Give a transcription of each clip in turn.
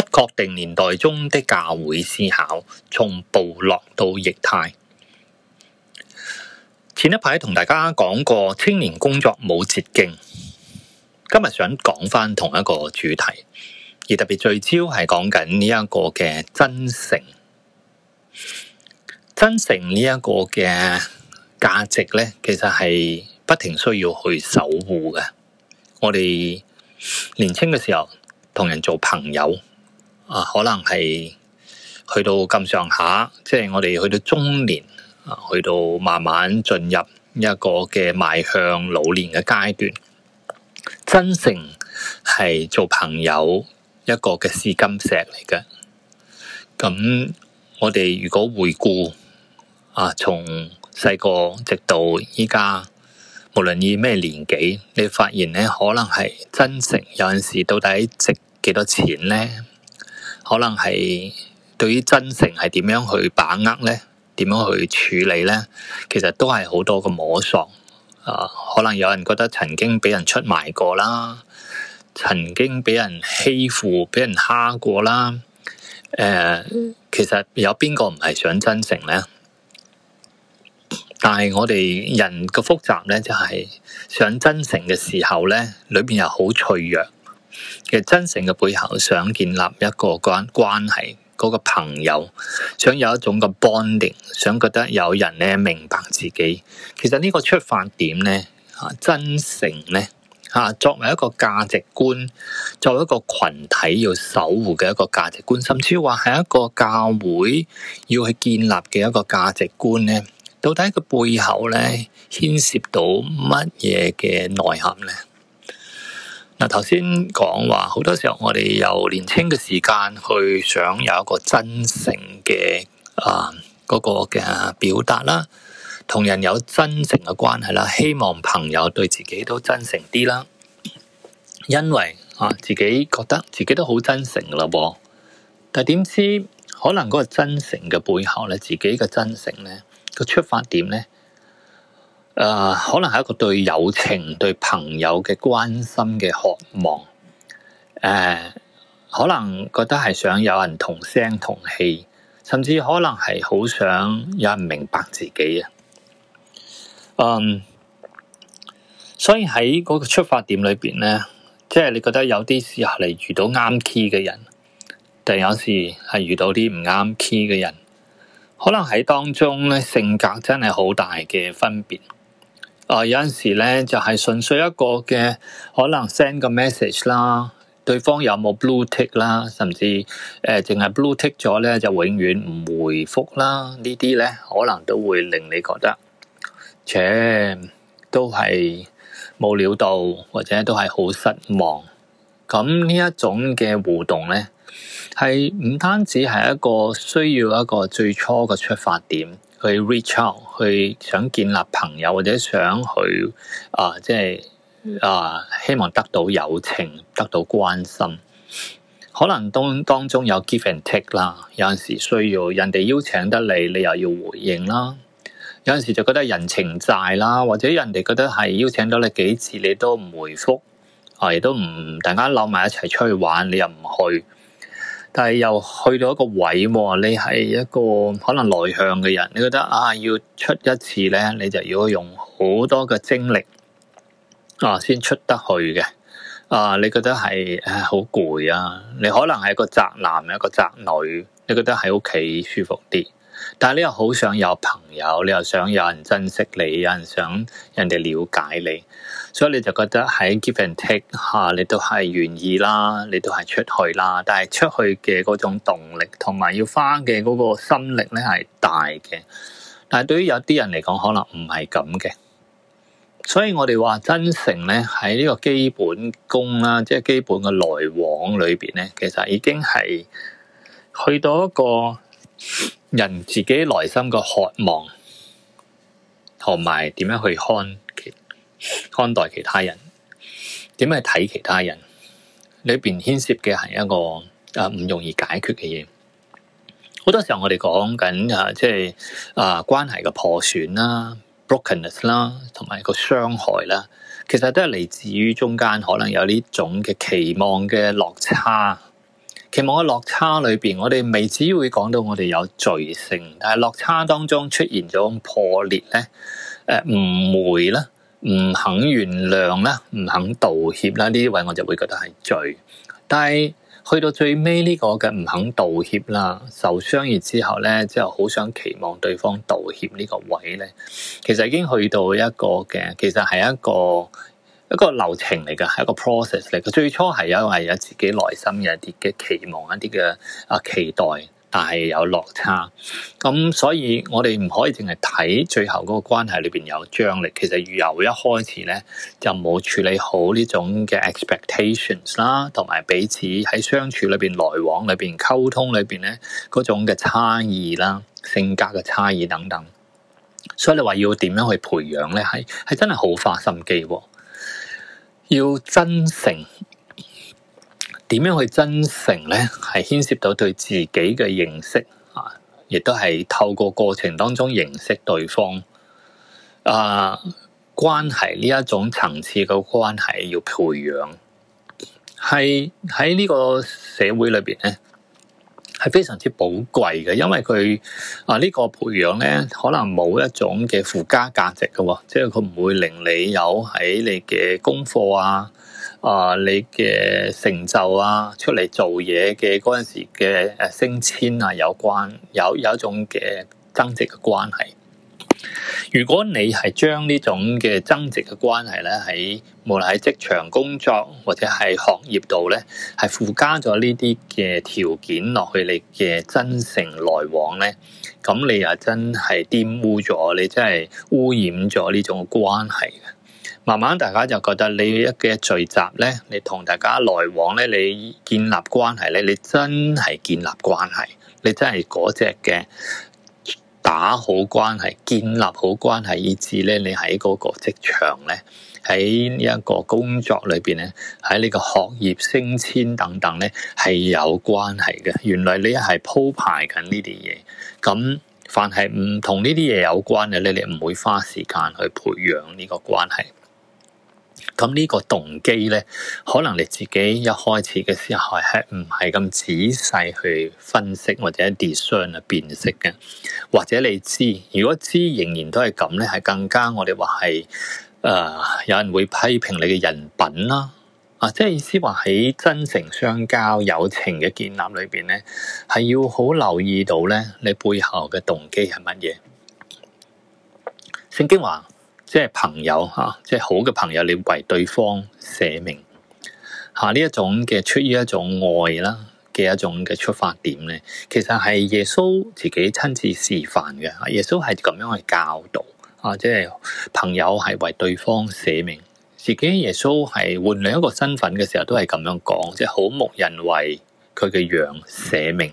不確定年代中的教會思考，從部落到液態。前一排同大家講過青年工作冇捷徑，今日想講返同一個主題，而特別聚焦係講緊呢一個嘅真誠。真誠呢一個嘅價值呢，其實係不停需要去守護嘅。我哋年青嘅時候同人做朋友。啊，可能係去到咁上下，即係我哋去到中年，啊，去到慢慢進入一個嘅邁向老年嘅階段。真誠係做朋友一個嘅試金石嚟嘅。咁我哋如果回顧啊，從細個直到依家，無論以咩年紀，你發現呢，可能係真誠有陣時到底值幾多錢呢？可能係對於真誠係點樣去把握呢？點樣去處理呢？其實都係好多嘅摸索、呃。可能有人覺得曾經俾人出賣過啦，曾經俾人欺負、俾人蝦過啦、呃。其實有邊個唔係想真誠呢？但係我哋人嘅複雜呢，就係、是、想真誠嘅時候呢，裏邊又好脆弱。其實真誠嘅背後，想建立一個關關係，嗰個朋友，想有一種嘅 bonding，想覺得有人咧明白自己。其實呢個出發點呢，啊真誠呢，啊作為一個價值觀，作為一個群體要守護嘅一個價值觀，甚至話係一個教會要去建立嘅一個價值觀呢，到底個背後呢牽涉到乜嘢嘅內涵呢？嗱，頭先講話好多時候，我哋由年輕嘅時間去想有一個真誠嘅，啊嗰個嘅表達啦，同人有真誠嘅關係啦，希望朋友對自己都真誠啲啦。因為啊，自己覺得自己都好真誠嘞，但係點知可能嗰個真誠嘅背後咧，自己嘅真誠咧，個出發點咧。誒，uh, 可能係一個對友情、對朋友嘅關心嘅渴望，誒，uh, 可能覺得係想有人同聲同氣，甚至可能係好想有人明白自己啊。嗯，um, 所以喺嗰個出發點裏邊咧，即係你覺得有啲時候嚟遇到啱 key 嘅人，但有時係遇到啲唔啱 key 嘅人，可能喺當中咧，性格真係好大嘅分別。啊，有陣時咧，就係、是、純粹一個嘅可能 send 個 message 啦，對方有冇 blue tick、呃、啦，甚至誒淨係 blue tick 咗咧，就永遠唔回覆啦，呢啲咧，可能都會令你覺得，且都係冇料到或者都係好失望。咁呢一種嘅互動咧，係唔單止係一個需要一個最初嘅出發點。去 reach out，去想建立朋友或者想去啊、呃，即係啊、呃，希望得到友情，得到關心。可能當當中有 give and take 啦，有陣時需要人哋邀請得你，你又要回應啦。有陣時就覺得人情債啦，或者人哋覺得係邀請咗你幾次，你都唔回覆，啊、呃，亦都唔大家扭埋一齊出去玩，你又唔去。但係又去到一個位喎，你係一個可能內向嘅人，你覺得啊要出一次咧，你就要用好多嘅精力啊先出得去嘅啊，你覺得係唉好攰啊。你可能係一個宅男，一個宅女，你覺得喺屋企舒服啲。但係你又好想有朋友，你又想有人珍惜你，有人想人哋了解你，所以你就覺得喺 give and take 下，啊，你都係願意啦，你都係出去啦。但係出去嘅嗰種動力同埋要花嘅嗰個心力咧，係大嘅。但係對於有啲人嚟講，可能唔係咁嘅。所以我哋話真誠咧喺呢個基本功啦，即係基本嘅來往裏邊咧，其實已經係去到一個。人自己內心個渴望，同埋點樣去看其看待其他人，點樣去睇其他人，裏邊牽涉嘅係一個啊唔容易解決嘅嘢。好多時候我哋講緊啊，即係啊關係嘅破損啦，brokenness 啦，同埋、啊、個傷害啦，其實都係嚟自於中間可能有呢種嘅期望嘅落差。期望嘅落差裏邊，我哋未至於會講到我哋有罪性，但係落差當中出現咗破裂咧，誒唔會啦，唔肯原諒啦，唔肯道歉啦，呢啲位我就會覺得係罪。但係去到最尾呢個嘅唔肯道歉啦，受傷完之後咧，之後好想期望對方道歉呢個位咧，其實已經去到一個嘅，其實係一個。一個流程嚟㗎，係一個 process 嚟。佢最初係有係有自己內心嘅一啲嘅期望，一啲嘅啊期待，但係有落差。咁、嗯、所以我哋唔可以淨係睇最後嗰個關係裏邊有張力，其實由一開始咧就冇處理好呢種嘅 expectations 啦，同埋彼此喺相處裏邊，來往裏邊，溝通裏邊咧嗰種嘅差異啦、性格嘅差異等等。所以你話要點樣去培養咧？係係真係好花心機、啊。要真誠，點樣去真誠咧？係牽涉到對自己嘅認識啊，亦都係透過過程當中認識對方啊，關係呢一種層次嘅關係要培養，係喺呢個社會裏邊咧。係非常之寶貴嘅，因為佢啊呢、這個培養咧，可能冇一種嘅附加價值嘅，即係佢唔會令你有喺你嘅功課啊，啊你嘅成就啊，出嚟做嘢嘅嗰陣時嘅誒升遷啊有關，有有一種嘅增值嘅關係。如果你係將呢種嘅增值嘅關係咧，喺無論喺職場工作或者係學業度咧，係附加咗呢啲嘅條件落去你嘅真誠來往咧，咁你又真係玷污咗，你真係污染咗呢種關係。慢慢大家就覺得你一嘅聚集咧，你同大家來往咧，你建立關係咧，你真係建立關係，你真係嗰隻嘅。打好關係，建立好關係，以至咧你喺嗰個職場咧，喺呢一個工作裏邊咧，喺呢個學業升遷等等咧係有關係嘅。原來你係鋪排緊呢啲嘢，咁凡係唔同呢啲嘢有關嘅咧，你唔會花時間去培養呢個關係。咁呢個動機咧，可能你自己一開始嘅時候係唔係咁仔細去分析或者疊商去辨識嘅，或者你知如果知仍然都係咁咧，係更加我哋話係誒，有人會批評你嘅人品啦，啊，即係意思話喺真誠相交、友情嘅建立裏邊咧，係要好留意到咧，你背後嘅動機係乜嘢？聖經話。即係朋友吓，即係好嘅朋友，你為對方捨命吓呢一種嘅出於一種愛啦嘅一種嘅出發點咧，其實係耶穌自己親自示範嘅，耶穌係咁樣去教導啊，即係朋友係為對方捨命，自己耶穌係換另一個身份嘅時候都係咁樣講，即係好牧人為佢嘅羊捨命，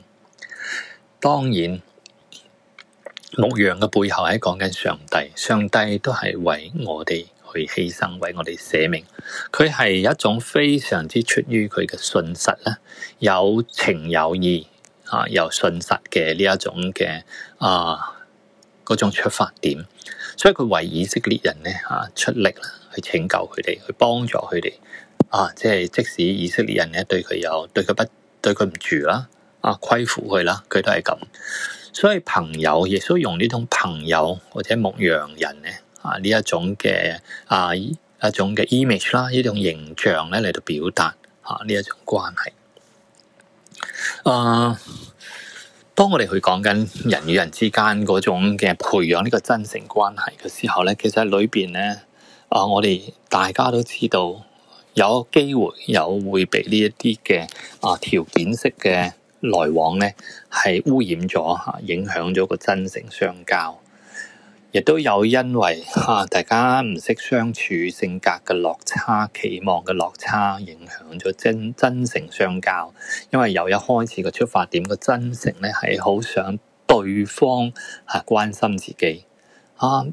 當然。牧羊嘅背後係講緊上帝，上帝都係為我哋去犧牲，為我哋捨命。佢係一種非常之出於佢嘅信實咧，有情有義啊，有信實嘅呢一種嘅，啊嗰種出發點。所以佢為以色列人咧，啊出力去拯救佢哋，去幫助佢哋啊。即係即使以色列人咧對佢有對佢不對佢唔住啦，啊虧負佢啦，佢都係咁。所以朋友亦都用呢種朋友或者牧羊人咧啊呢一種嘅啊一種嘅 image 啦，呢種形象咧嚟到表達吓呢一種關係。啊，當我哋去講緊人與人之間嗰種嘅培養呢個真誠關係嘅時候咧，其實裏邊咧啊，我哋大家都知道有機會有會俾呢一啲嘅啊條件式嘅。來往呢係污染咗，影響咗個真誠相交，亦都有因為吓、啊、大家唔識相處，性格嘅落差、期望嘅落差，影響咗真真誠相交。因為由一開始嘅出發點嘅真誠呢，係好想對方吓、啊、關心自己啊。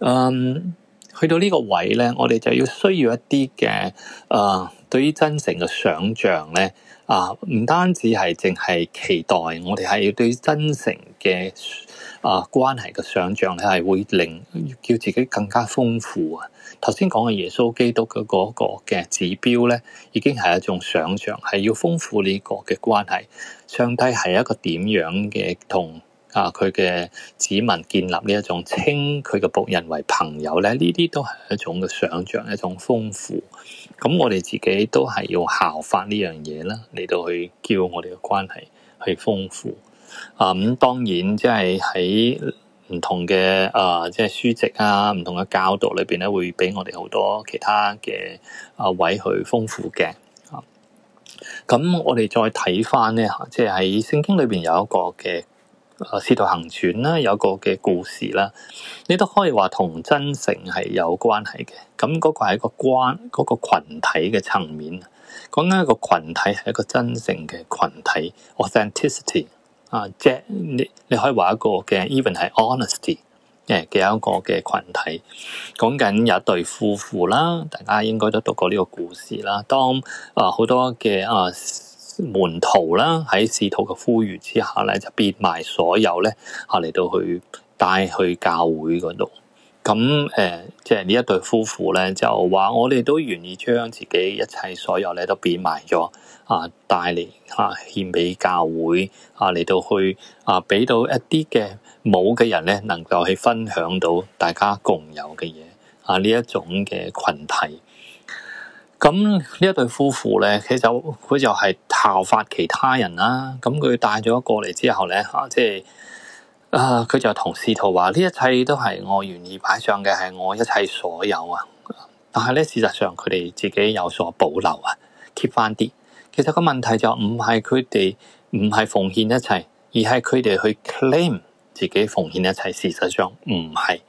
嗯，去到呢個位呢，我哋就要需要一啲嘅誒。啊對於真誠嘅想象咧，啊，唔單止係淨係期待，我哋係要對真誠嘅啊關係嘅想象咧，係會令叫自己更加豐富啊。頭先講嘅耶穌基督嘅嗰個嘅指標咧，已經係一種想象，係要豐富呢個嘅關係。上帝係一個點樣嘅同？啊！佢嘅子民建立呢一種，稱佢嘅僕人為朋友咧，呢啲都係一種嘅想象，一種豐富。咁我哋自己都係要效法呢樣嘢啦，嚟到去叫我哋嘅關係去豐富啊。咁當然即係喺唔同嘅啊，即係書籍啊，唔同嘅教導裏邊咧，會俾我哋好多其他嘅啊位去豐富嘅啊。咁我哋再睇翻咧，即係喺聖經裏邊有一個嘅。啊，使徒行傳啦，有個嘅故事啦，你都可以話同真誠係有關係嘅。咁、那、嗰個係一個關，嗰、那個羣體嘅層面。講緊一個群體係一個真誠嘅群體，authenticity 啊，即你你可以話一個嘅，even 係 honesty 誒嘅一個嘅群體。講緊有一對夫婦啦，大家應該都讀過呢個故事啦。當啊好多嘅啊～門徒啦，喺使徒嘅呼籲之下咧，就變埋所有咧，啊嚟到去帶去教會嗰度。咁誒，即係呢一對夫婦咧，就話我哋都願意將自己一切所有咧都變埋咗，啊，帶嚟啊，獻俾教會，啊嚟到去啊，俾到一啲嘅冇嘅人咧，能夠去分享到大家共有嘅嘢，啊呢一種嘅群體。咁呢一對夫婦咧，佢就佢就係效法其他人啦。咁佢帶咗過嚟之後咧，吓即係，啊佢、呃、就同使徒話：呢一切都係我願意擺上嘅，係我一切所有啊！但係咧，事實上佢哋自己有所保留啊，keep 翻啲。其實個問題就唔係佢哋唔係奉獻一切，而係佢哋去 claim 自己奉獻一切。事實上唔係。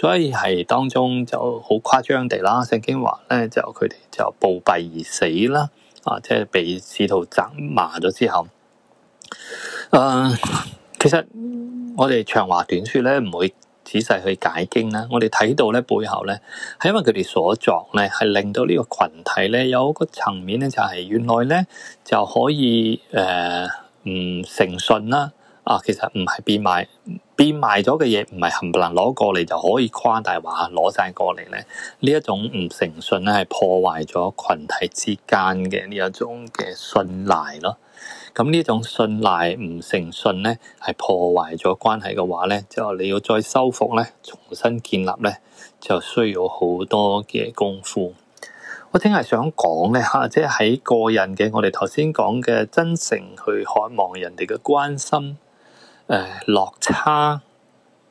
所以係當中就好誇張地啦，聖經話咧就佢哋就暴斃而死啦，啊，即係被使徒責罵咗之後，誒、啊，其實我哋長話短說咧，唔會仔細去解經啦。我哋睇到咧背後咧，係因為佢哋所作咧，係令到呢個群體咧有一個層面咧，就係、是、原來咧就可以誒唔誠信啦，啊，其實唔係變賣。變賣咗嘅嘢，唔係冚唪唥攞過嚟，就可以誇大話攞晒過嚟咧。呢一種唔誠信咧係破壞咗群體之間嘅呢一種嘅信賴咯。咁、嗯、呢種信賴唔誠信咧係破壞咗關係嘅話咧，即係你要再修復咧，重新建立咧就需要好多嘅功夫。我淨係想講咧，吓即係喺個人嘅，我哋頭先講嘅真誠去渴望人哋嘅關心。誒、哎，落差，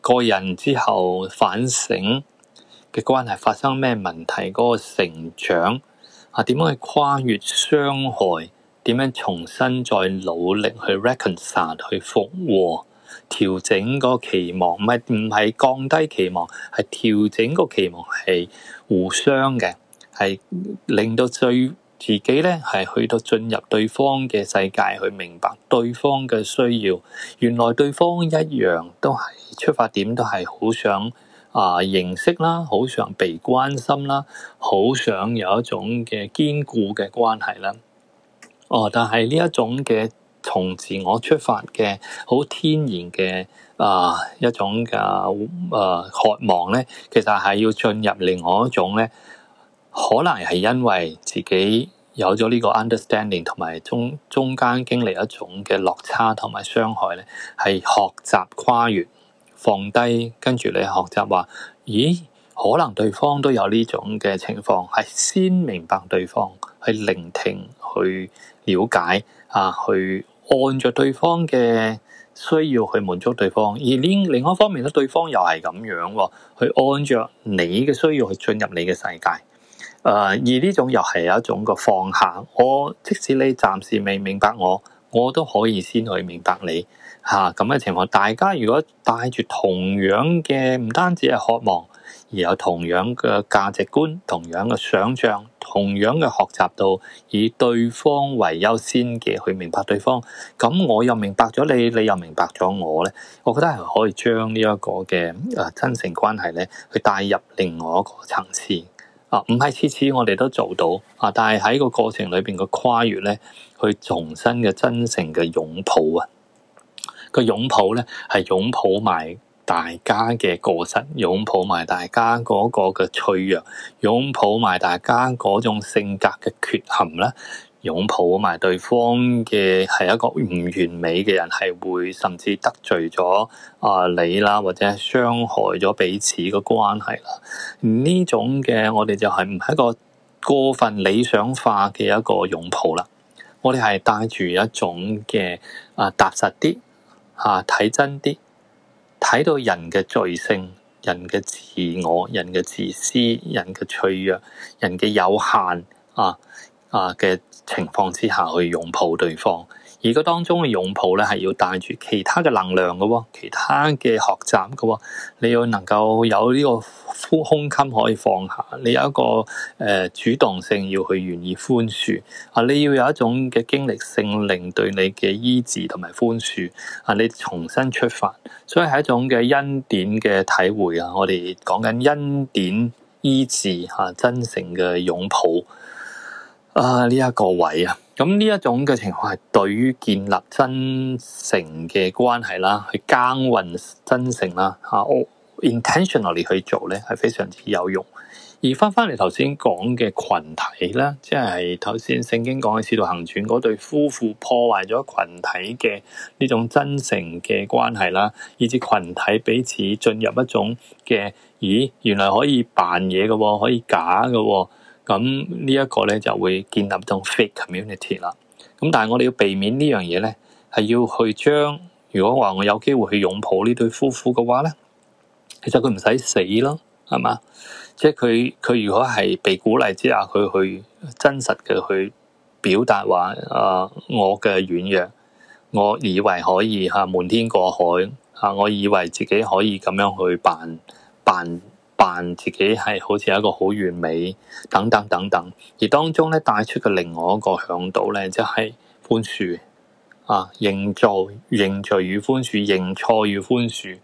個人之後反省嘅，關係發生咩問題？嗰、那個成長啊，點樣去跨越傷害？點樣重新再努力去 reconcile，去復和？調整個期望，唔係唔係降低期望，係調整個期望係互相嘅，係令到最。自己咧，係去到進入對方嘅世界，去明白對方嘅需要。原來對方一樣都係出發點都，都係好想啊，認識啦，好想被關心啦，好想有一種嘅堅固嘅關係啦。哦，但係呢一種嘅從自我出發嘅好天然嘅啊、呃、一種嘅啊、呃、渴望咧，其實係要進入另外一種咧。可能係因為自己有咗呢個 understanding，同埋中中間經歷一種嘅落差，同埋傷害咧，係學習跨越、放低，跟住你學習話，咦？可能對方都有呢種嘅情況，係先明白對方，去聆聽，去了解啊，去按着對方嘅需要去滿足對方。而呢另一方面咧，對方又係咁樣，哦，去按着你嘅需要去進入你嘅世界。誒，而呢種又係有一種個放下，我即使你暫時未明白我，我都可以先去明白你嚇，咁嘅情況。大家如果帶住同樣嘅唔單止係渴望，而有同樣嘅價值觀、同樣嘅想像、同樣嘅學習到以對方為優先嘅去明白對方，咁、啊、我又明白咗你，你又明白咗我咧，我覺得係可以將、啊、呢一個嘅誒真誠關係咧，去帶入另外一個層次。啊，唔係次次我哋都做到啊，但係喺個過程裏邊個跨越咧，去重新嘅真誠嘅擁抱啊，個擁抱咧係擁抱埋大家嘅過失，擁抱埋大家嗰個嘅脆弱，擁抱埋大家嗰種性格嘅缺陷咧。擁抱埋對方嘅係一個唔完美嘅人，係會甚至得罪咗啊、呃、你啦，或者傷害咗彼此嘅關係啦。呢種嘅我哋就係唔係一個過分理想化嘅一個擁抱啦。我哋係帶住一種嘅啊踏實啲啊睇真啲，睇到人嘅罪性、人嘅自我、人嘅自私、人嘅脆弱、人嘅有限啊。啊嘅情況之下，去擁抱對方。而個當中嘅擁抱咧，係要帶住其他嘅能量噶、哦，其他嘅學習噶、哦。你要能夠有呢個胸襟可以放下，你有一個誒、呃、主動性要去願意寬恕。啊，你要有一種嘅經歷性令對你嘅醫治同埋寬恕。啊，你重新出發，所以係一種嘅恩典嘅體會啊！我哋講緊恩典醫治吓、啊，真誠嘅擁抱。啊！呢一，uh, 個位啊，咁呢一種嘅情況係對於建立真誠嘅關係啦，去耕耘真誠啦，吓，uh, 我 intentionally 去做咧，係非常之有用。而翻翻嚟，頭先講嘅群體啦，即係頭先聖經講嘅使徒行傳嗰對夫婦破壞咗群體嘅呢種真誠嘅關係啦，以至群體彼此進入一種嘅，咦，原來可以扮嘢嘅，可以假嘅。咁呢一個咧就會建立到種 fake community 啦。咁但係我哋要避免呢樣嘢咧，係要去將如果話我有機會去擁抱呢對夫婦嘅話咧，其實佢唔使死咯，係嘛？即係佢佢如果係被鼓勵之下，佢去真實嘅去表達話，誒我嘅軟弱，我以為可以吓瞞天過海吓、啊，我以為自己可以咁樣去扮扮。扮自己係好似一個好完美，等等等等，而當中咧帶出嘅另外一個向度咧，即係寬恕啊，認罪認罪與寬恕，認錯與寬恕，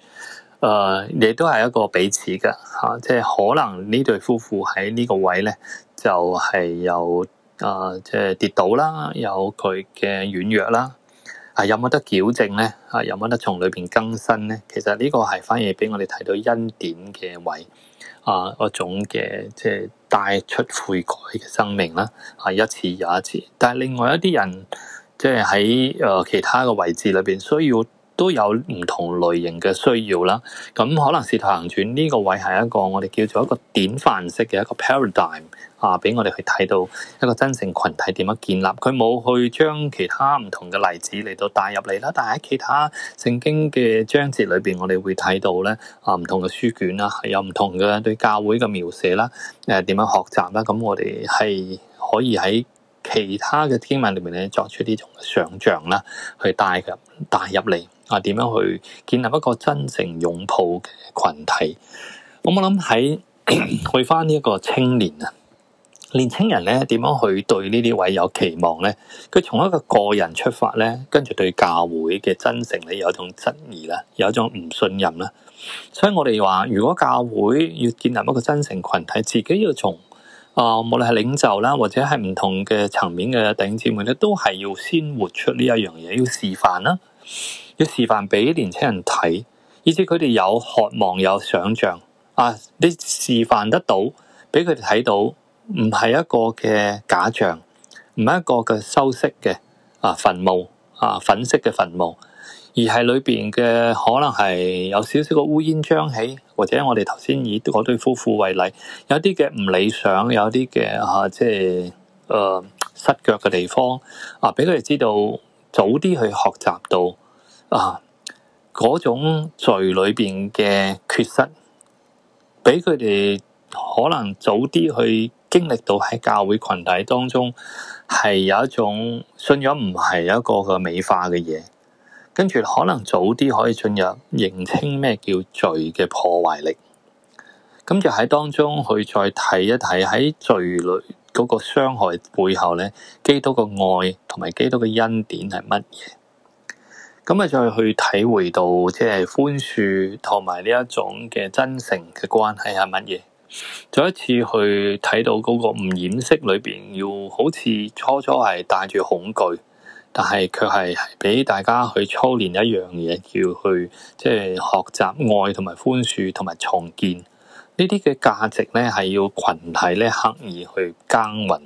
誒，亦都係一個彼此嘅吓、啊，即係可能呢對夫婦喺呢個位咧，就係、是、有誒，即、啊、係、就是、跌倒啦，有佢嘅軟弱啦。啊有冇得矯正咧？啊有冇得從裏邊更新咧？其實呢個係反而俾我哋睇到恩典嘅位啊，一種嘅即係帶出悔改嘅生命啦。啊一次又一次，但係另外一啲人即係喺誒其他嘅位置裏邊，需要。都有唔同類型嘅需要啦，咁可能《使徒行傳》呢個位係一個我哋叫做一個典範式嘅一個 paradigm 啊，俾我哋去睇到一個真誠群體點樣建立。佢冇去將其他唔同嘅例子嚟到帶入嚟啦，但係喺其他聖經嘅章節裏邊，我哋會睇到咧啊唔同嘅書卷啦，有唔同嘅對教會嘅描寫啦，誒點樣學習啦，咁我哋係可以喺。其他嘅經文裏面咧，作出呢種想象啦，去帶入帶入嚟，啊，點樣去建立一個真誠擁抱嘅群體？咁我諗喺 去翻呢一個青年啊，年青人咧，點樣去對呢啲位有期望咧？佢從一個個人出發咧，跟住對教會嘅真誠咧有一種質疑啦，有一種唔信任啦。所以我哋話，如果教會要建立一個真誠群體，自己要從。啊、哦，無論係領袖啦，或者係唔同嘅層面嘅弟兄姊妹咧，都係要先活出呢一樣嘢，要示範啦，啊，要示範俾年青人睇，以至佢哋有渴望，有想象。啊，你示範得到，俾佢哋睇到，唔係一個嘅假象，唔係一個嘅修飾嘅啊墳墓啊，粉色嘅墳墓，而係裏邊嘅可能係有少少嘅烏煙瘴氣。或者我哋頭先以嗰對夫婦為例，有啲嘅唔理想，有啲嘅吓即係誒失腳嘅地方啊，俾佢哋知道早啲去學習到啊嗰種罪裏邊嘅缺失，俾佢哋可能早啲去經歷到喺教會群體當中係有一種信仰唔係一個嘅美化嘅嘢。跟住可能早啲可以進入認清咩叫罪嘅破壞力，咁就喺當中去再睇一睇喺罪裏嗰個傷害背後咧，基督嘅愛同埋基督嘅恩典係乜嘢？咁啊，再去體會到即係寬恕同埋呢一種嘅真誠嘅關係係乜嘢？再一次去睇到嗰個唔掩飾裏邊，要好似初初係帶住恐懼。但係，佢係俾大家去操練一樣嘢，叫去即係學習愛同埋寬恕同埋重建呢啲嘅價值咧，係要群體咧刻意去耕耘，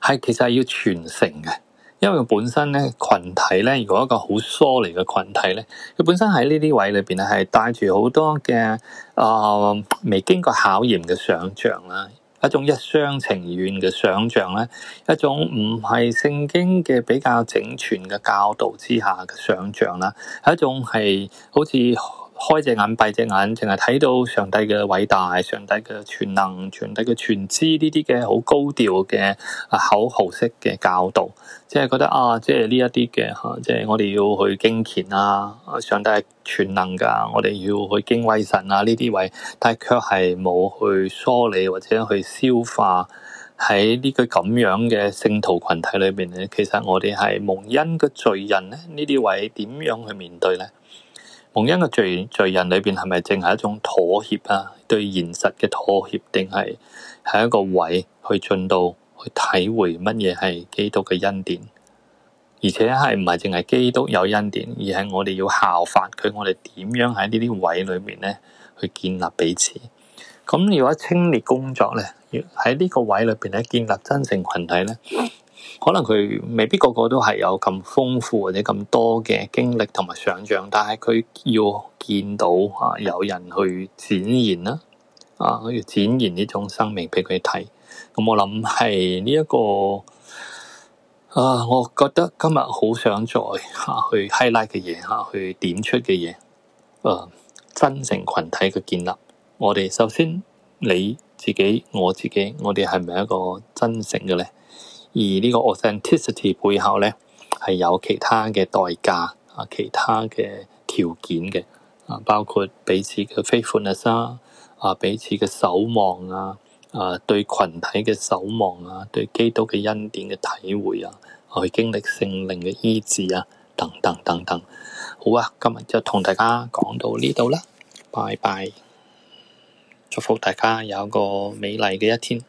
係其實係要傳承嘅。因為本身咧群體咧，如果一個好疏離嘅群體咧，佢本身喺呢啲位裏邊咧，係帶住好多嘅誒未經過考驗嘅想象啦。一種一廂情願嘅想象咧，一種唔係聖經嘅比較整全嘅教導之下嘅想象啦，係一種係好似。開隻眼閉隻眼，淨係睇到上帝嘅偉大、上帝嘅全能、上帝嘅全知呢啲嘅好高調嘅啊口號式嘅教導，即係覺得啊，即係呢一啲嘅，即係我哋要去敬虔啊，上帝係全能噶，我哋要去敬畏神啊呢啲位，但係卻係冇去梳理或者去消化喺呢個咁樣嘅聖徒群體裏邊咧，其實我哋係蒙恩嘅罪人咧，呢啲位點樣去面對咧？蒙恩嘅罪罪人裏邊係咪淨係一種妥協啊？對現實嘅妥協，定係係一個位去進度，去體會乜嘢係基督嘅恩典？而且係唔係淨係基督有恩典，而係我哋要效法佢，我哋點樣喺呢啲位裏面咧去建立彼此？咁如果青年工作咧，要喺呢個位裏邊咧建立真誠群體咧？可能佢未必個個都係有咁豐富或者咁多嘅經歷同埋想象但係佢要見到啊，有人去展現啦，啊，要展現呢種生命俾佢睇。咁我諗係呢一個啊，我覺得今日好想再下，啊、去 highlight 嘅嘢，下，啊、去點出嘅嘢，誒，啊、真誠群體嘅建立。我哋首先你自己，我自己，我哋係咪一個真誠嘅咧？而呢個 authenticity 背後咧，係有其他嘅代價啊，其他嘅條件嘅啊，包括彼此嘅 faithfulness 啊，彼此嘅守望啊，啊，對群體嘅守望啊，對基督嘅恩典嘅體會啊，去經歷聖靈嘅醫治啊，等等等等。好啊，今日就同大家講到呢度啦，拜拜！祝福大家有個美麗嘅一天。